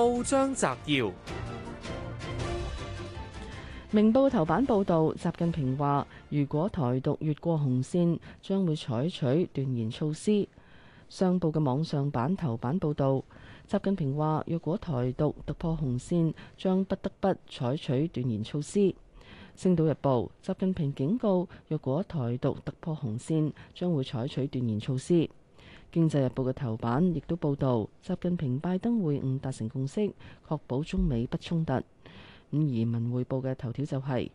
報章摘要：明報頭版報道，習近平話，如果台獨越過紅線，將會採取斷然措施。上報嘅網上版頭版報道，習近平話，若果台獨突破紅線，將不得不採取斷然措施。星島日報，習近平警告，若果台獨突破紅線，將會採取斷然措施。《經濟日報》嘅頭版亦都報導，習近平拜登會晤達成共識，確保中美不衝突。咁而文匯、就係《文匯報》嘅頭條就係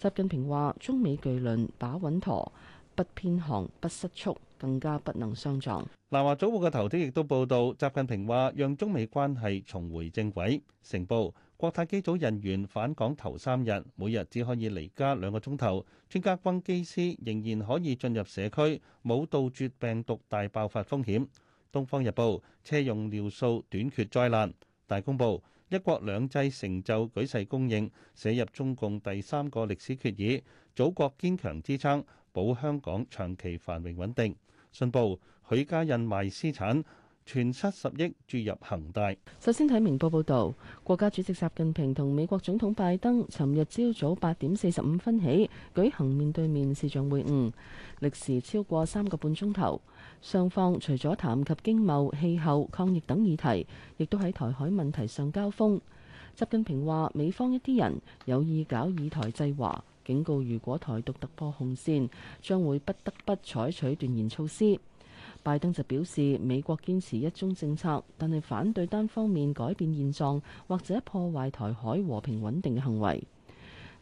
習近平話：中美巨輪把穩舵，不偏航，不失速。更加不能相撞。南華早報嘅頭條亦都報道，習近平話：讓中美關係重回正軌。成報，國泰機組人員返港頭三日，每日只可以離家兩個鐘頭。專家，軍機師仍然可以進入社區，冇杜絕病毒大爆發風險。東方日報，車用尿素短缺災難。大公報，一國兩制成就舉世公認，寫入中共第三個歷史決議。祖國堅強支撐，保香港長期繁榮穩定。信報許家印賣私產，全七十億注入恒大。首先睇明報報道，國家主席習近平同美國總統拜登尋日朝早八點四十五分起舉行面對面視像會晤，歷時超過三個半鐘頭。雙方除咗談及經貿、氣候、抗疫等議題，亦都喺台海問題上交鋒。習近平話：美方一啲人有意搞以台制華，警告：如果台獨突破紅線，將會不得不採取斷然措施。拜登就表示，美國堅持一中政策，但係反對單方面改變現狀，或者破壞台海和平穩定嘅行為。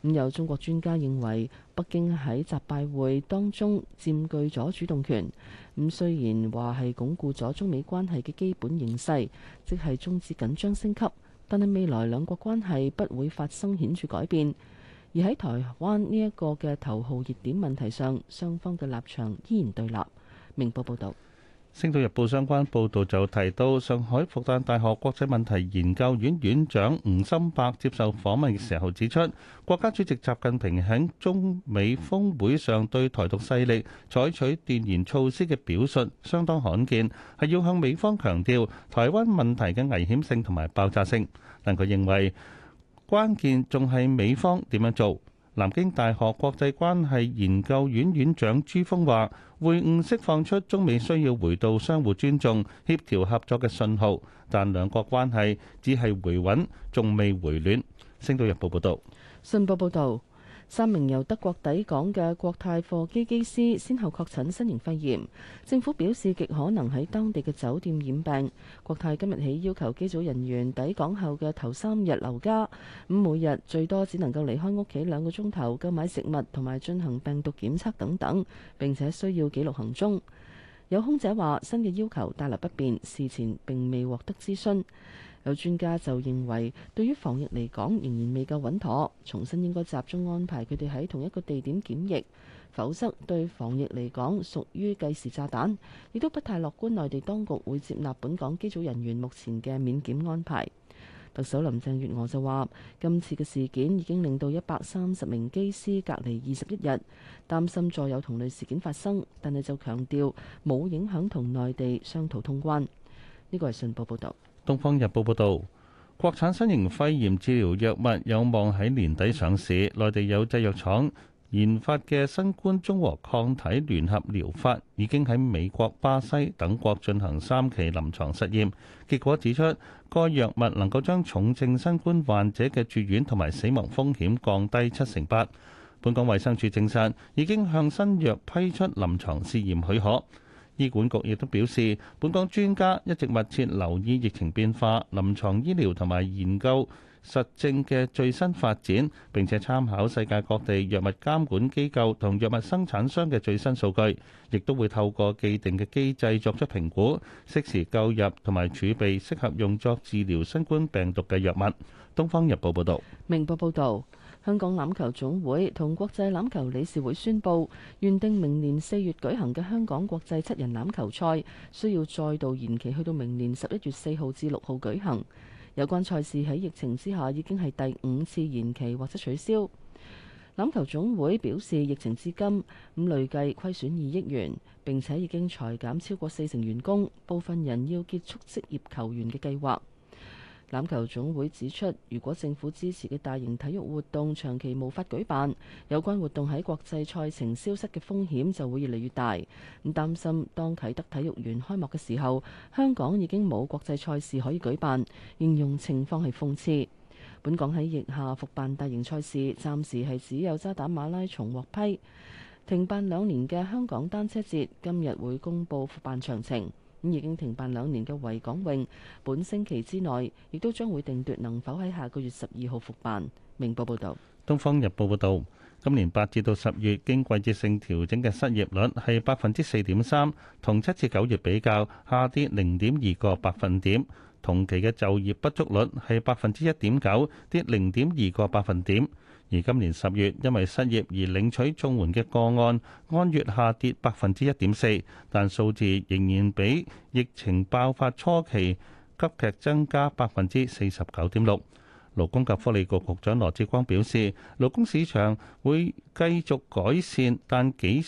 咁、嗯、有中國專家認為北京喺習拜會當中佔據咗主動權，咁、嗯、雖然話係鞏固咗中美關係嘅基本形勢，即係中止緊張升級，但係未來兩國關係不會發生顯著改變。而喺台灣呢一個嘅頭號熱點問題上，雙方嘅立場依然對立。明報報導，《星島日報》相關報導就提到，上海復旦大學國際問題研究院院長吳森伯接受訪問嘅時候指出，國家主席習近平喺中美峰會上對台獨勢力採取斷然措施嘅表述相當罕見，係要向美方強調台灣問題嘅危險性同埋爆炸性。但佢認為，關鍵仲係美方點樣做？南京大學國際關係研究院院長朱峰話：會晤釋放出中美需要回到相互尊重、協調合作嘅信號，但兩國關係只係回穩，仲未回暖。星島日報報道。信報報導。三名由德國抵港嘅國泰貨機機師，先後確診新型肺炎。政府表示極可能喺當地嘅酒店染病。國泰今日起要求機組人員抵港後嘅頭三日留家，咁每日最多只能夠離開屋企兩個鐘頭，購買食物同埋進行病毒檢測等等，並且需要記錄行蹤。有空姐話：新嘅要求帶來不便，事前並未獲得諮詢。有專家就認為，對於防疫嚟講，仍然未夠穩妥，重新應該集中安排佢哋喺同一個地點檢疫，否則對防疫嚟講屬於計時炸彈。亦都不太樂觀，內地當局會接納本港機組人員目前嘅免檢安排。特首林鄭月娥就話：今次嘅事件已經令到一百三十名機師隔離二十一日，擔心再有同類事件發生，但係就強調冇影響同內地商討通關。呢個係信報報導。《東方日報》報導，國產新型肺炎治療藥物有望喺年底上市。內地有製藥廠研發嘅新冠中和抗體聯合療法已經喺美國、巴西等國進行三期臨床實驗，結果指出該藥物能夠將重症新冠患者嘅住院同埋死亡風險降低七成八。本港衛生署證實已經向新藥批出臨床試驗許可。醫管局亦都表示，本港專家一直密切留意疫情變化、臨床醫療同埋研究實證嘅最新發展，並且參考世界各地藥物監管機構同藥物生產商嘅最新數據，亦都會透過既定嘅機制作出評估，適時購入同埋儲備適合用作治療新冠病毒嘅藥物。《東方日報》報道。《明報》報導。香港欖球總會同國際欖球理事會宣布，原定明年四月舉行嘅香港國際七人欖球賽需要再度延期，去到明年十一月四號至六號舉行。有關賽事喺疫情之下已經係第五次延期或者取消。欖球總會表示，疫情至今咁累計虧損二億元，並且已經裁減超過四成員工，部分人要結束職業球員嘅計劃。欖球總會指出，如果政府支持嘅大型體育活動長期無法舉辦，有關活動喺國際賽程消失嘅風險就會越嚟越大。咁擔心當啟德體育園開幕嘅時候，香港已經冇國際賽事可以舉辦，形容情況係諷刺。本港喺疫下復辦大型賽事，暫時係只有渣打馬拉松獲批。停辦兩年嘅香港單車節今日會公佈復辦詳情。咁已經停辦兩年嘅維港泳，本星期之內亦都將會定奪能否喺下個月十二號復辦。明報報道，東方日報報道，今年八至到十月經季節性調整嘅失業率係百分之四點三，同七至九月比較下跌零點二個百分點。同期嘅就業不足率係百分之一點九，跌零點二個百分點。而今年十月，因為失業而領取綜援嘅個案，按月下跌百分之一點四，但數字仍然比疫情爆發初期急劇增加百分之四十九點六。勞工及福利局局長羅志光表示，勞工市場會繼續改善，但幾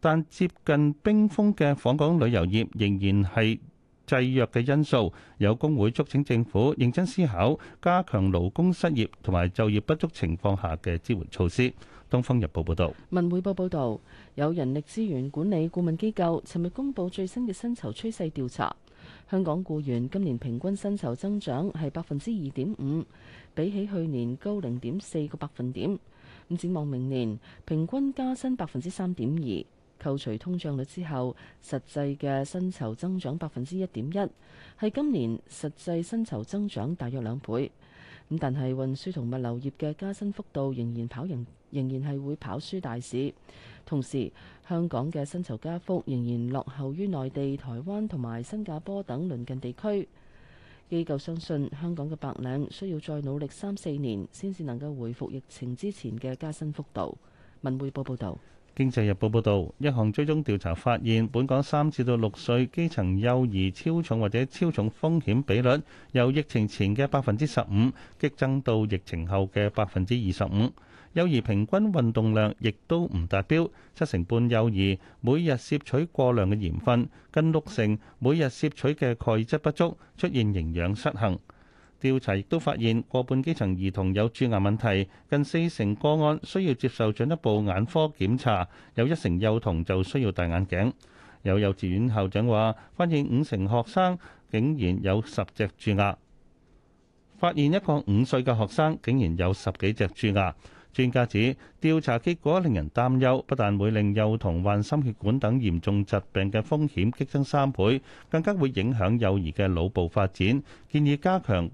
但接近冰封嘅訪港旅遊業仍然係。制約嘅因素，有工會促請政府認真思考加強勞工失業同埋就業不足情況下嘅支援措施。《東方日報》報道，《文匯報》報道，有人力資源管理顧問機構尋日公布最新嘅薪酬趨勢調查，香港雇員今年平均薪酬增長係百分之二點五，比起去年高零點四個百分點。咁展望明年，平均加薪百分之三點二。扣除通脹率之後，實際嘅薪酬增長百分之一點一，係今年實際薪酬增長大約兩倍。咁但係運輸同物流業嘅加薪幅度仍然跑贏，仍然係會跑輸大市。同時，香港嘅薪酬加幅仍然落後於內地、台灣同埋新加坡等鄰近地區。機構相信香港嘅白領需要再努力三四年，先至能夠恢復疫情之前嘅加薪幅度。文匯報報導。經濟日報報導，一項追蹤調查發現，本港三至到六歲基層幼兒超重或者超重風險比率，由疫情前嘅百分之十五激增到疫情後嘅百分之二十五。幼兒平均運動量亦都唔達標，七成半幼兒每日攝取過量嘅鹽分，近六成每日攝取嘅鈣質不足，出現營養失衡。調查亦都發現，過半基層兒童有蛀牙問題，近四成個案需要接受進一步眼科檢查，有一成幼童就需要戴眼鏡。有幼稚園校長話，發現五成學生竟然有十隻蛀牙，發現一個五歲嘅學生竟然有十幾隻蛀牙。專家指調查結果令人擔憂，不但會令幼童患心血管等嚴重疾病嘅風險激增三倍，更加會影響幼兒嘅腦部發展。建議加強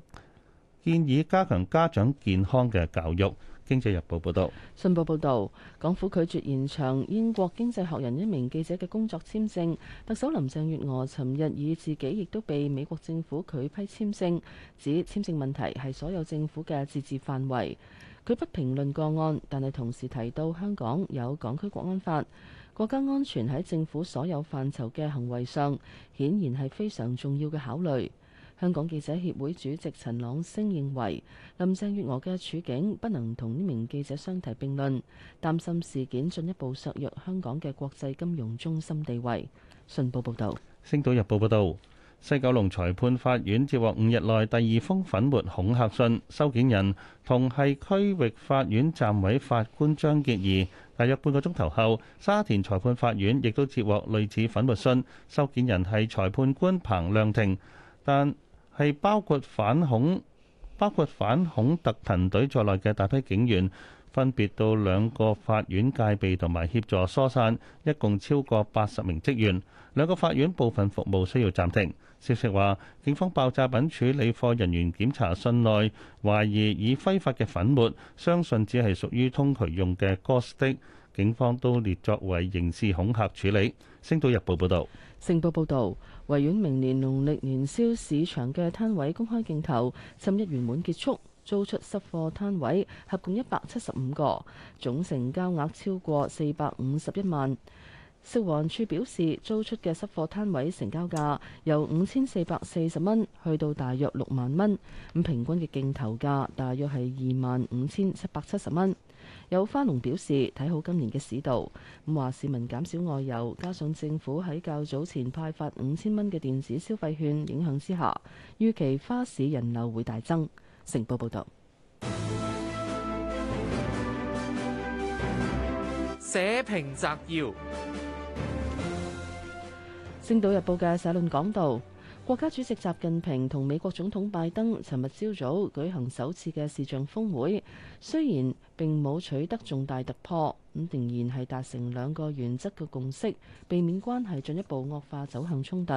建議加強家長健康嘅教育。經濟日報報導。信報報導，港府拒絕延長英國經濟學人一名記者嘅工作簽證。特首林鄭月娥尋日以自己亦都被美國政府拒批簽證，指簽證問題係所有政府嘅自治範圍。佢不評論個案，但係同時提到香港有港區國安法，國家安全喺政府所有範疇嘅行為上顯然係非常重要嘅考慮。香港記者協會主席陳朗昇認為，林鄭月娥嘅處境不能同呢名記者相提並論，擔心事件進一步削弱香港嘅國際金融中心地位。信報報導，《星島日報》報導。西九龍裁判法院接獲五日內第二封粉末恐嚇信，收件人同係區域法院站委法官張潔儀。大約半個鐘頭後，沙田裁判法院亦都接獲類似粉末信，收件人係裁判官彭亮庭，但係包括反恐包括反恐特勤隊在內嘅大批警員，分別到兩個法院戒備同埋協助疏散，一共超過八十名職員。兩個法院部分服務需要暫停。消息話，警方爆炸品處理課人員檢查信內，懷疑以揮發嘅粉末，相信只係屬於通渠用嘅哥士的，警方都列作為刑事恐嚇處理。星島日報報導，星報報導，維園明年農曆年宵市場嘅攤位公開競投，尋日圓滿結束。租出濕貨攤位合共一百七十五個，總成交額超過四百五十一萬。食環署表示，租出嘅濕貨攤位成交價由五千四百四十蚊去到大約六萬蚊，咁平均嘅競投價大約係二萬五千七百七十蚊。有花農表示睇好今年嘅市道，咁話市民減少外遊，加上政府喺較早前派發五千蚊嘅電子消費券影響之下，預期花市人流會大增。成報報道。社評摘要，《星島日報》嘅社論講道，國家主席習近平同美國總統拜登尋日朝早舉行首次嘅視像峰會，雖然並冇取得重大突破，咁仍然係達成兩個原則嘅共識，避免關係進一步惡化走向衝突。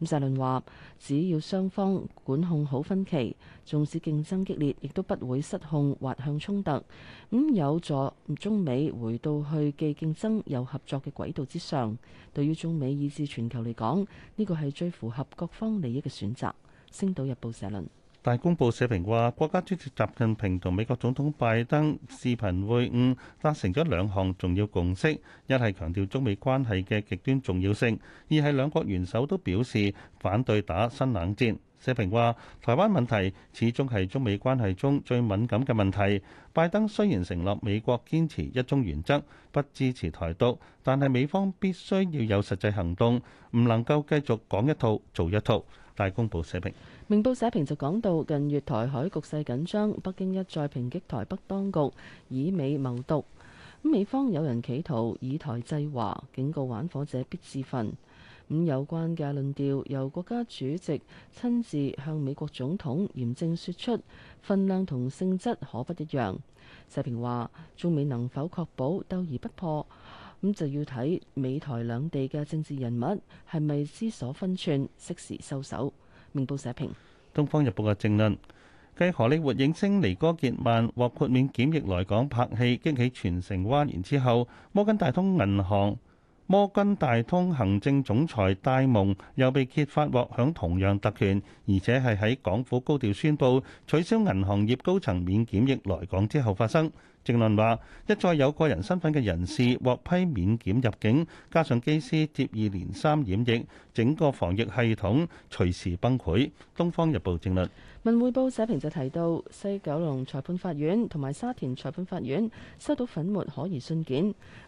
咁社論話，只要雙方管控好分歧，縱使競爭激烈，亦都不會失控滑向衝突。咁，嗯，有助中美回到去既競爭又合作嘅軌道之上。對於中美以至全球嚟講，呢個係最符合各方利益嘅選擇。星島日報社論。大公報社評話，國家主席習近平同美國總統拜登視頻會晤，達成咗兩項重要共識：一係強調中美關係嘅極端重要性；二係兩國元首都表示反對打新冷戰。社評話：台灣問題始終係中美關係中最敏感嘅問題。拜登雖然承諾美國堅持一中原則，不支持台獨，但係美方必須要有實際行動，唔能夠繼續講一套做一套。大公報社評。明報社評就講到近月台海局勢緊張，北京一再抨擊台北當局以美謀獨，美方有人企圖以台制華，警告玩火者必自焚。咁有關嘅論調由國家主席親自向美國總統嚴正説出，份量同性質可不一樣。社評話：中美能否確保鬥而不破？咁就要睇美台兩地嘅政治人物係咪知所分寸，適時收手。明報社評，《東方日報》嘅政論，繼荷里活影星尼哥傑曼獲豁免檢疫來港拍戲，驚起全城嘩然之後，摩根大通銀行。摩根大通行政總裁戴蒙又被揭發獲享同樣特權，而且係喺港府高調宣布取消銀行業高層免檢疫來港之後發生。政論話一再有個人身份嘅人士獲批免檢入境，加上機師接二連三染疫，整個防疫系統隨時崩潰。東方日報政論。文匯報社評就提到，西九龍裁判法院同埋沙田裁判法院收到粉末可疑信件，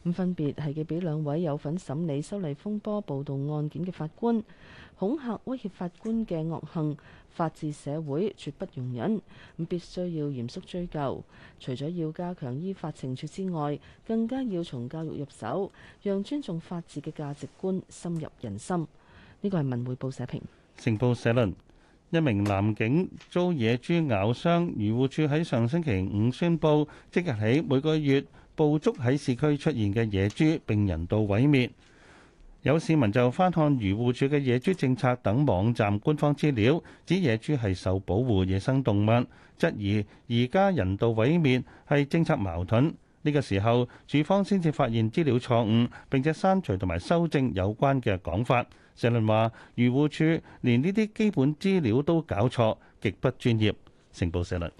咁分別係寄俾兩位有份審理修例風波暴動案件嘅法官，恐嚇威脅法官嘅惡行，法治社會絕不容忍，咁必須要嚴肅追究。除咗要加強依法懲處之外，更加要從教育入手，讓尊重法治嘅價值觀深入人心。呢、這個係文匯報社評，成報社論。一名男警遭野豬咬傷，漁護署喺上星期五宣布，即日起每個月捕捉喺市區出現嘅野豬並人道毀滅。有市民就翻看漁護署嘅野豬政策等網站官方資料，指野豬係受保護野生動物，質疑而家人道毀滅係政策矛盾。呢個時候，署方先至發現資料錯誤，並且刪除同埋修正有關嘅講法。社論話：漁護署連呢啲基本資料都搞錯，極不專業。成報社論。